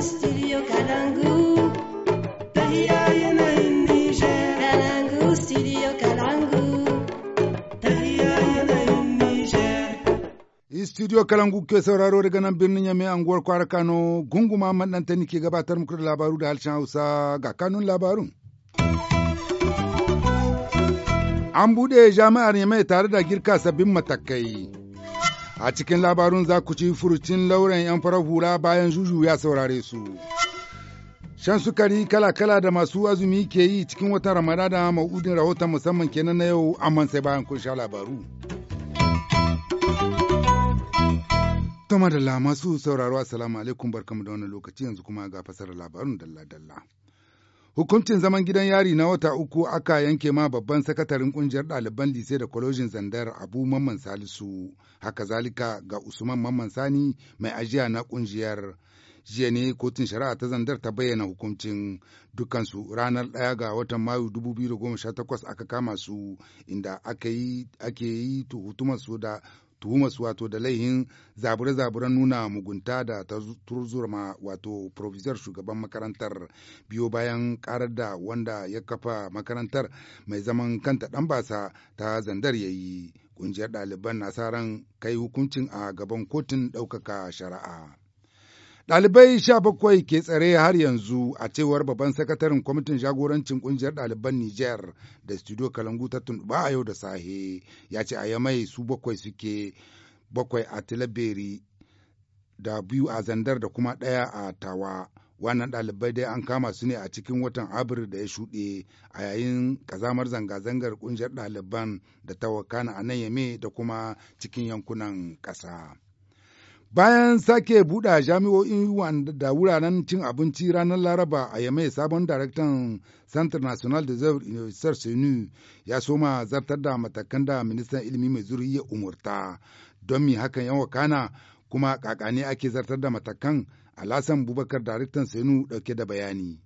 studio Kalangu. Tahia yana in Niger. Kalangu, studio Kalangu. Tahia yana in Niger. Studio Kalangu ke sauraro daga nan birnin Yame anguwar kwara Kano gunguma maɗantani ke gabatar muku da labaru da harshen Hausa ga kanun labarun. An buɗe jami'ar Yame tare da girka sabbin matakai. A cikin labarun za ku ci furucin lauren 'yan farar hula bayan juju ya saurare su. Shan sukari kala-kala da masu azumi ke yi cikin wata ramada da ma'udin rahoton musamman kenan na yau amman sai bayan kun sha labaru. Tama da masu sauraro assalamu alaikum barkamu da wani lokaci yanzu kuma ga fasar labarun dalla-dalla. Hukuncin zaman gidan yari na wata uku aka yanke ma babban sakataren kungiyar ɗaliban lise da kwalojin zandar Abu Mamman Salisu, haka zalika ga Usman Mamman Sani mai ajiya na kungiyar. Jiya ne kotun shari'a ta zandar ta bayyana hukuncin dukansu ranar ɗaya ga watan Mayu 2018 aka kama su inda ake yi tuhutumarsu da su wato da laihin zabure-zaburen nuna mugunta da ta turzurma wato provisor shugaban makarantar biyo bayan karar da wanda ya kafa makarantar mai zaman kanta ɗan basa ta zandar ya yi ƙungiyar ɗaliban nasaran kai hukuncin a gaban kotun ɗaukaka shari'a. Ɗalibai sha bakwai ke tsare har yanzu a cewar babban sakataren kwamitin jagorancin ƙungiyar ɗaliban Nijar da studio Kalangu ta tuntuɓa a yau da sahe ya ce a yamai su bakwai suke bakwai a Tilaberi da biyu a Zandar da kuma ɗaya a Tawa. Wannan ɗalibai dai an kama su ne a cikin watan Abril da ya shuɗe a yayin kazamar zanga-zangar ƙungiyar ɗaliban da ta wakana a nan yame da kuma cikin yankunan ƙasa. Bayan sake buɗe jami'o'in da wuraren cin abinci ranar Laraba a Yamai sabon daraktan Centre National de Zœuvre Universitaire Senu ya soma zartar da matakan da ministan ilimi mai zurfi ya umurta. Don mi hakan yan wakana kuma kakane ake zartar da matakan Alasan Bubakar daraktan Senu dauke da bayani.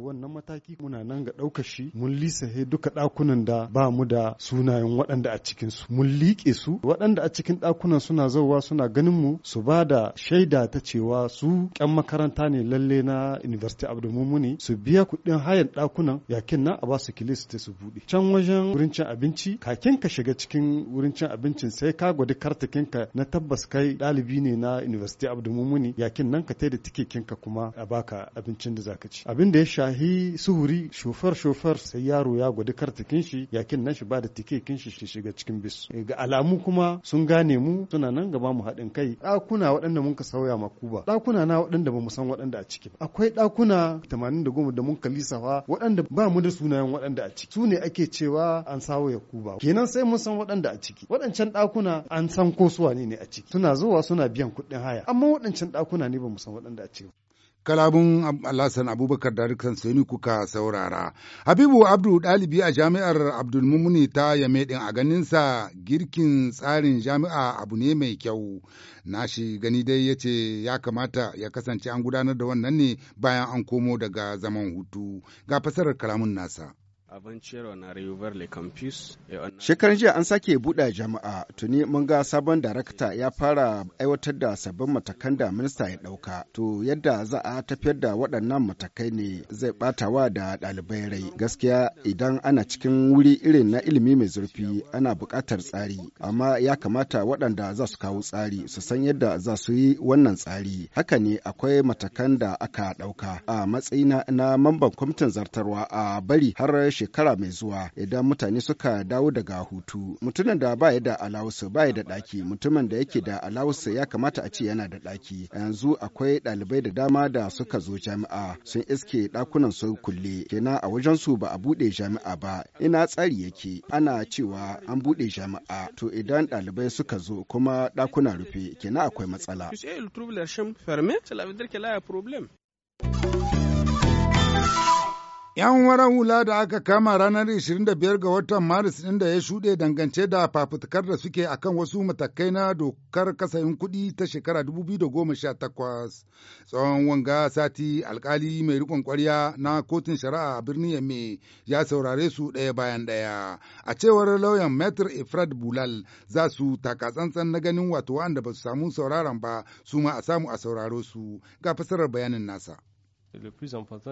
wannan mataki muna nan ga ɗaukar shi mun lisahe duka ɗakunan da ba mu da sunayen waɗanda a cikin su mun liƙe su waɗanda a cikin ɗakunan suna zauwa suna ganin mu su ba da shaida ta cewa su ƙyan makaranta ne lalle na University Abdul Mumuni su biya kuɗin hayan ɗakunan yakin na a ba su kilis ta su buɗe can wajen wurin cin abinci kakin ka shiga cikin wurin cin abincin sai ka gwada kartakin ka na tabbas kai ɗalibi ne na University Abdul Mumuni yakin nan ka tai da tikekin ka kuma a baka abincin da zaka ci abin da ya Mahi suhuri shofar shofar sai yaro ya kar kartikin shi yakin nan shi ba da tike kin shi shiga cikin bis eh, ga alamu kuma sun gane mu suna nan gaba mu haɗin kai ɗakuna waɗanda mun ka sauya ma kuba ɗakuna na waɗanda ba mu san waɗanda a ciki akwai ɗakuna tamanin da goma da mun ka lisafa waɗanda ba mu da sunayen waɗanda a ciki su ne ake cewa an sawo ya kuba kenan sai mun san waɗanda a ciki waɗancan ɗakuna an san ko suwa ne a ciki suna zuwa suna biyan kuɗin haya amma waɗancan ɗakuna ne ba mu san waɗanda a ciki kalamun alhassan abubakar darikan sani kuka saurara habibu Abdul, dalibi a jami'ar abdulmumuni ta yame din a ganinsa girkin tsarin jami'a abu ne mai kyau Na shi gani dai ya ce ya kamata ya kasance an gudanar da wannan ne bayan an komo daga zaman hutu ga fasarar kalamun nasa Eh, Shekaran jiya an sake buɗe jama'a tuni mun ga sabon darakta ya fara aiwatar da sabbin matakan da minista ya ɗauka. To yadda za a tafiyar da waɗannan matakai ne zai ɓatawa da ɗalibai rai. Gaskiya idan ana cikin wuri irin na ilimi mai zurfi ana buƙatar tsari. Amma ya kamata waɗanda za su kawo tsari su san yadda za su yi wannan tsari. Haka ne akwai matakan da aka ɗauka a matsayina na mamban kwamitin zartarwa a bari har shekara mai zuwa idan mutane suka dawo daga hutu mutumin da ba ya da alawusa ba ya da ɗaki mutumin da yake da alawusa ya kamata a ce yana da ɗaki yanzu akwai ɗalibai da dama da suka zo jami'a sun iske ɗakunan su kulle kenan a wajen su ba a buɗe jami'a ba ina tsari yake ana cewa an buɗe jami'a to idan ɗalibai suka zo kuma ɗakuna rufe kenan akwai matsala cela problème. 'Yan waran hula da aka kama ranar 25 ga watan Maris ɗin da ya shuɗe dangance da fafutukar da suke akan wasu matakai na dokar kasayin kuɗi ta shekara 2018. Tsawon wanga sati alkali mai rikon kwarya na kotun shari'a a birnin Yamme ya saurare su ɗaya bayan ɗaya. A cewar lauyan Metr Ifrad Bulal za su taka tsantsan na ganin wato wanda ba su samu sauraron ba su ma a samu a sauraro su ga fasarar bayanin nasa.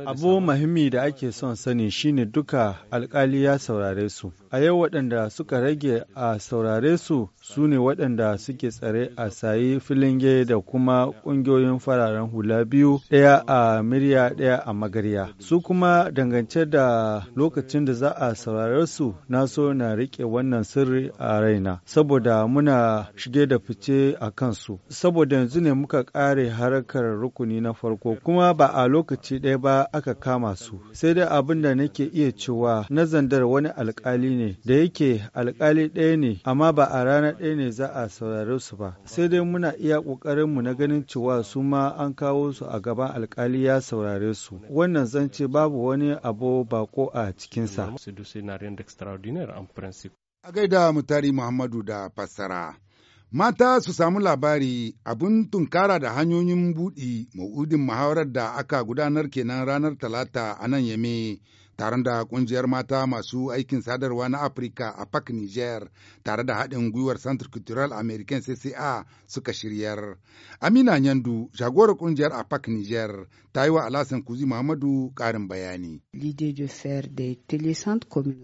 Abu muhimmi da ake son sani shine duka alkali ya saurare su. A yau waɗanda suka rage a saurare su su ne waɗanda suke tsare a sayi filinge da kuma ƙungiyoyin fararen hula biyu ɗaya a murya ɗaya a magarya. Su kuma dangance da lokacin da za a saurare su na so na riƙe wannan sirri a raina saboda muna shige da fice a kansu. Saboda yanzu ne muka ƙare harkar rukuni na farko kuma ba a lokacin lokaci ɗaya ba aka kama su sai dai abin da nake iya cewa na zandar wani alkali ne da yake alkali ɗaya ne amma ba a rana ɗaya ne za a saurare su ba sai dai muna iya ƙoƙarin mu na ganin cewa su ma an kawo su a gaban alkali ya saurare su wannan zance babu wani abu bako a cikinsa a gaida mutari muhammadu da fassara Mata su samu labari abin tunkara da hanyoyin buɗi ma'udin muhawarar da aka gudanar kenan ranar Talata a nan Yame tare da kungiyar mata masu aikin sadarwa na Afirka a Park Niger tare da haɗin gwiwar Centre Cultural American CCA suka shiryar. Amina Nyandu, jagora kungiyar a Park Niger, ta yi wa Alasan Kuzi Muhammadu ƙarin bayani.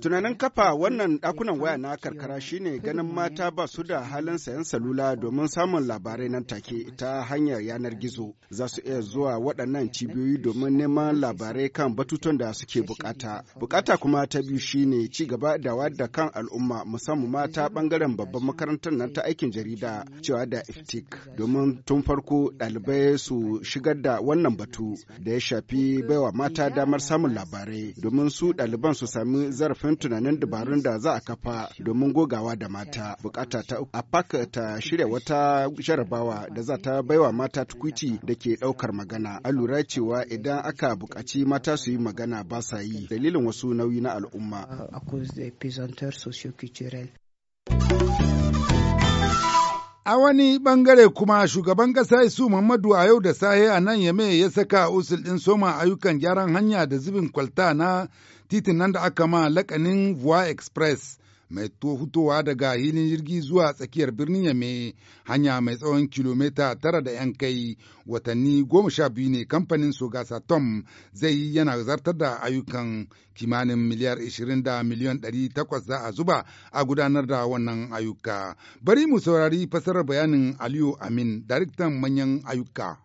Tunanin kafa wannan ɗakunan waya na karkara shine ganin mata ba su da halin sayan salula domin samun labarai nan take ta hanyar yanar gizo. Za su iya zuwa waɗannan cibiyoyi domin neman labarai kan batutun da suke bukata. ta. Bukata kuma ta biyu shine ci gaba da da kan al'umma musamman ma ta bangaren babban makarantar nan ta aikin jarida cewa da iftik domin tun farko ɗalibai su shigar da wannan batu da ya shafi baiwa mata damar samun labarai domin su ɗaliban su sami zarafin tunanin dabarun da za a kafa domin gogawa da mata. Bukata ta APAC ta shirya wata jarabawa da za ta baiwa mata tukuici da ke ɗaukar magana. A lura cewa idan aka bukaci mata su yi magana ba sa yi dalilin wasu nauyi na al'umma. A wani bangare kuma shugaban ƙasa Isu Muhammadu a yau da sahe a nan Yame ya saka usul ɗin soma ayyukan gyaran hanya da zubin kwalta na titin nan da aka ma lakanin Voie Express mai hutowa daga hilin jirgi zuwa tsakiyar birnin Yame hanya mai tsawon kilomita tara da 'yan kai watanni goma sha biyu ne kamfanin Sogasa Tom zai yi yana zartar da ayyukan kimanin miliyar 20 da miliyan 800 za a zuba a gudanar da wannan ayyuka. Bari mu saurari fasarar bayanin Aliyu Amin, daraktan manyan ayyuka.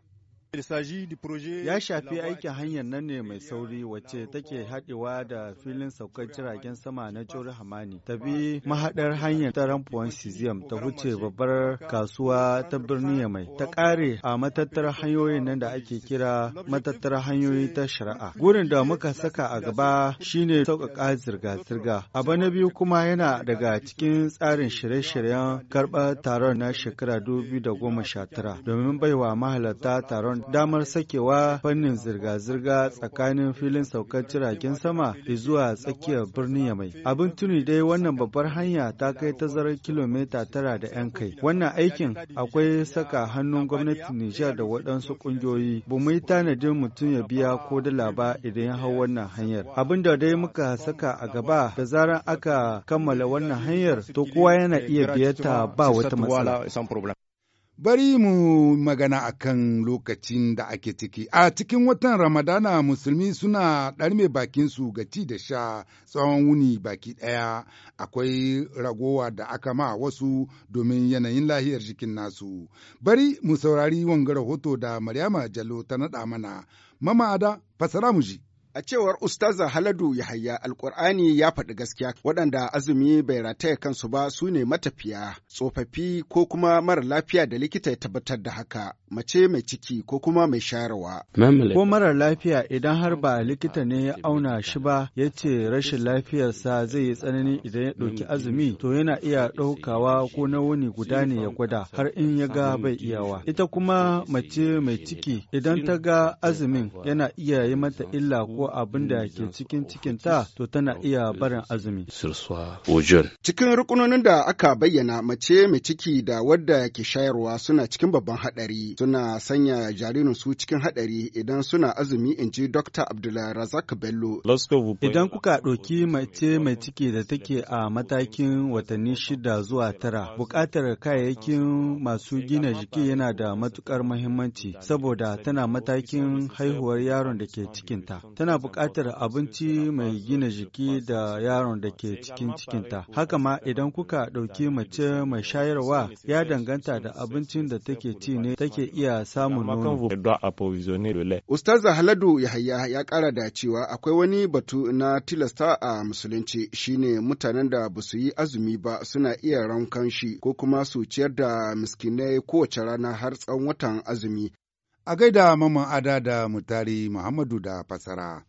Ya shafi aikin hanyar nan ne mai sauri wacce take haɗewa da filin saukar jiragen sama na Jori Hamani. Ta bi mahaɗar hanyar ta Rampuwan Sizium ta wuce babbar kasuwa ta birni Yamai. Ta ƙare a matattar hanyoyin nan da ake kira matattar hanyoyi ta shari'a. Gurin da muka saka a gaba shine sauƙaƙa zirga-zirga. Abu na biyu kuma yana daga cikin tsarin shirye-shiryen karɓar taron na shekara 2019 domin baiwa mahalarta taron damar sakewa fannin zirga-zirga tsakanin filin saukar jiragen sama da zuwa tsakiyar birnin Yamai. Abin tuni dai wannan babbar hanya ta kai tazarar kilomita tara da 'yan kai. Wannan aikin akwai saka hannun gwamnatin Nijar da waɗansu ƙungiyoyi. Ba mu yi tanadin mutum ya biya ko dala ba idan ya hau wannan hanyar. Abin da dai muka saka a gaba da zarar aka kammala wannan hanyar to kowa yana iya biyarta ba wata matsala. Bari mu magana a kan lokacin da ake ciki. A cikin watan Ramadana musulmi suna ɗarme bakinsu ga ci da sha tsawon wuni baki ɗaya, akwai ragowa da aka ma wasu domin yanayin lahiyar jikin nasu. Bari mu saurari wanga rahoto da Maryama Jallo ta naɗa mana. Mama Ada, fasara mu ji. A cewar Ustaza Haladu Yahaya Alƙur'ani ya faɗi gaskiya waɗanda azumi bai rataya kansu ba su ne matafiya, tsofaffi ko kuma mara lafiya da likita ya tabbatar da haka. mace mai ciki ko kuma mai shayarwa. Ko marar lafiya idan har ba likita ne ya auna shi ba ya ce rashin lafiyarsa zai yi tsanani idan ya ɗauki azumi to yana iya ɗaukawa ko na wani guda ne ya gwada har in ya ga bai iyawa. Ita kuma mace mai ciki idan ta ga azumin yana iya yi mata illa ko abin da ke cikin cikinta to tana iya barin azumi. Cikin rukunonin da aka bayyana mace mai ciki da wadda ke shayarwa suna cikin babban haɗari. suna sanya jaririn su cikin haɗari idan suna azumi in ji Dr. Abdulrazak Bello. Idan kuka ɗauki mace mai ciki da take a matakin watanni shida zuwa tara, buƙatar kayayyakin masu gina jiki yana da matuƙar muhimmanci saboda tana matakin haihuwar yaron da ke cikinta. Tana buƙatar abinci mai gina jiki da yaron da ke cikin cikinta. Haka ma idan kuka ɗauki mace mai shayarwa ya danganta da abincin da take ci ne take zai iya samun nono. Ustaza Haladu Yahaya ya kara da cewa akwai wani batu na tilasta a musulunci shine mutanen da ba su yi azumi ba suna iya rankan shi ko kuma su ciyar da miskinai kowace rana har tsawon watan azumi. A gaida mamman ada da mutari Muhammadu da fasara.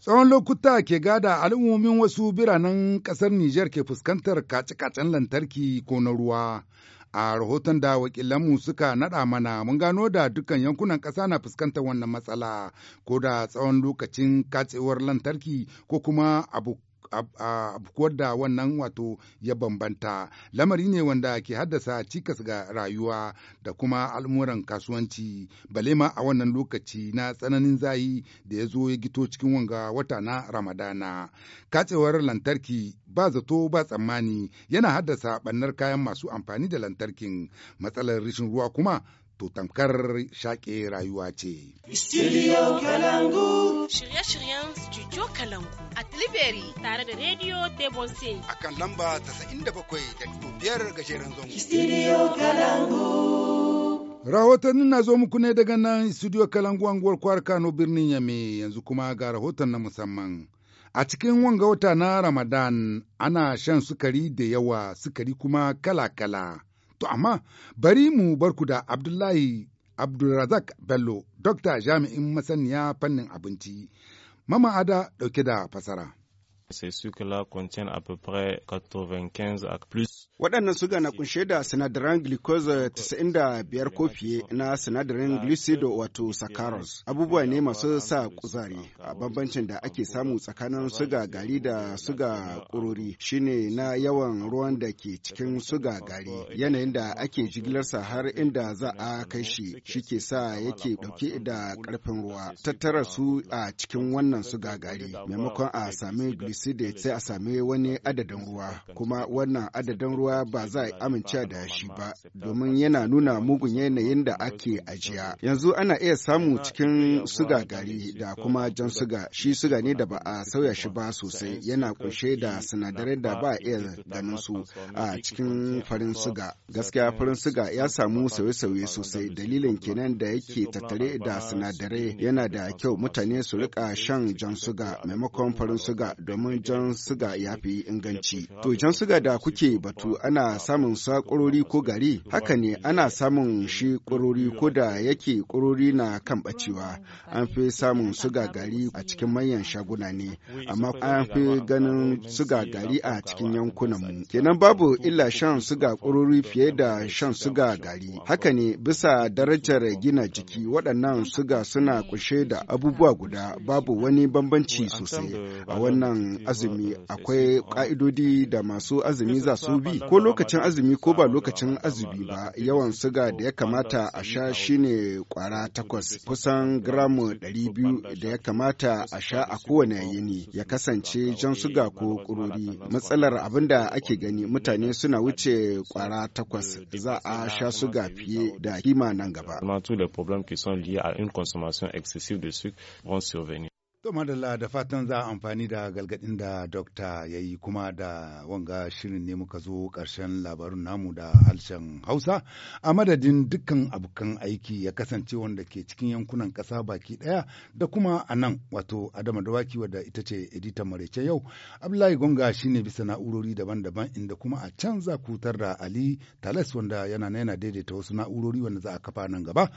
tsawon lokuta ke gada al'ummomin wasu biranen ƙasar Nijar ke fuskantar kace-kacen lantarki ko na ruwa, a rahoton da wakilanmu suka naɗa mana mun gano da dukkan yankunan ƙasa na fuskantar wannan matsala ko da tsawon lokacin katsewar lantarki ko kuma abu A abkuwar da wannan wato ya bambanta lamari ne wanda ke haddasa cikas ga rayuwa da kuma al'amuran kasuwanci bale ma a wannan lokaci na tsananin zayi da ya zo ya gito cikin wanga wata na ramadana katsewar lantarki ba zato ba tsammani yana haddasa ɓannar kayan masu amfani da lantarkin matsalar rishin ruwa kuma to tamkar shaƙe rayuwa ce. Studio Kalangu. Shirye-shiryen Studio Kalangu a Tilibiri tare da Radio Tebonse. A kan lamba 97 da biyar gajeren zango. Studio Kalangu. Rahotannin na zo muku ne daga nan Studio Kalangu anguwar kwar Kano birnin Yame yanzu kuma ga rahoton na musamman. A cikin wanga wata na Ramadan ana shan sukari da yawa sukari kuma kala-kala. To amma bari mu barku da Abdullahi Abdulrazak Bello, Dokta jami'in masaniya fannin abinci, mama ada ɗauke da fasara. sûr que là contient à peu près 95 à plus Waɗannan suga na kunshe da sinadaran glucose 95 ko fiye na sinadarin glucido wato saccharose. Abubuwa ne masu sa kuzari. A bambancin da ake samu tsakanin suga gari da suga kurori shine na yawan ruwan da ke cikin suga gari. Yanayin da ake jigilarsa har inda za a kai shi shi ke sa yake ɗauke da ƙarfin ruwa. Tattara su a cikin wannan suga gari maimakon a sami glucidate sai a sami wani adadin ruwa kuma wannan adadin ruwa cewa ba za a amince da shi ba domin yana nuna mugun yanayin da ake ajiya. Yanzu ana iya samu cikin suga gari da kuma jan suga shi suga ne da ba a sauya shi ba sosai yana kunshe da sinadarai da ba a iya ganin su a cikin farin suga. Gaskiya farin suga ya samu sauye-sauye sosai dalilin kenan da yake tattare da sinadarai yana da kyau mutane su rika shan jan suga maimakon farin suga domin jan suga ya fi inganci. To jan suga da kuke batu ana samun sa ƙurori ko gari haka ne ana samun shi ƙurori ko da yake ƙurori na kan bacewa an fi samun suga gari a cikin manyan shaguna ne amma an fi ganin suga gari a cikin yankunan mu kenan babu illa shan suga ƙurori fiye da shan suga gari haka ne bisa darajar gina jiki waɗannan suga suna kushe da abubuwa guda babu wani bambanci sosai a wannan azumi akwai ƙa'idodi da masu azumi za su bi ko lokacin azumi ko ba lokacin azumi ba yawan suga da ya kamata a sha shine kwara takwas kusan gramu ɗari biyu da ya kamata a sha a kowane yini ya kasance jan suga ko kururi matsalar abin da ake gani mutane suna wuce kwara takwas za a sha suga fiye da kima nan gaba. To madalla da fatan za a amfani da galgadin da dokta ya yi kuma da wanga shirin ne muka zo ƙarshen labarun namu da harshen Hausa a madadin dukkan abokan aiki ya kasance wanda ke cikin yankunan ƙasa baki ɗaya da kuma a nan wato Adama Dawaki wadda ita ce editan marece yau Abdullahi Gonga shine bisa na'urori daban-daban inda kuma a can za kutar da Ali talas wanda yana na yana daidaita wasu na'urori wanda za a kafa nan gaba.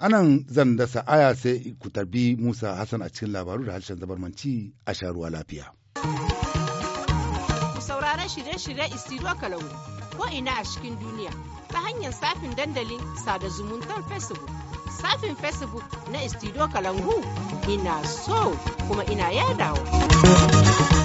Anan zan dasa aya sai ku tarbi Musa Hassan a cikin labarun. da harshen zabarmanci a sha ruwa lafiya. Sauraron shirye-shirye Istiro Kalangu ko ina a cikin duniya ta hanyar safin dandalin sada zumuntar Facebook. Safin Facebook na Istiro Kalangu ina so kuma ina yadawa.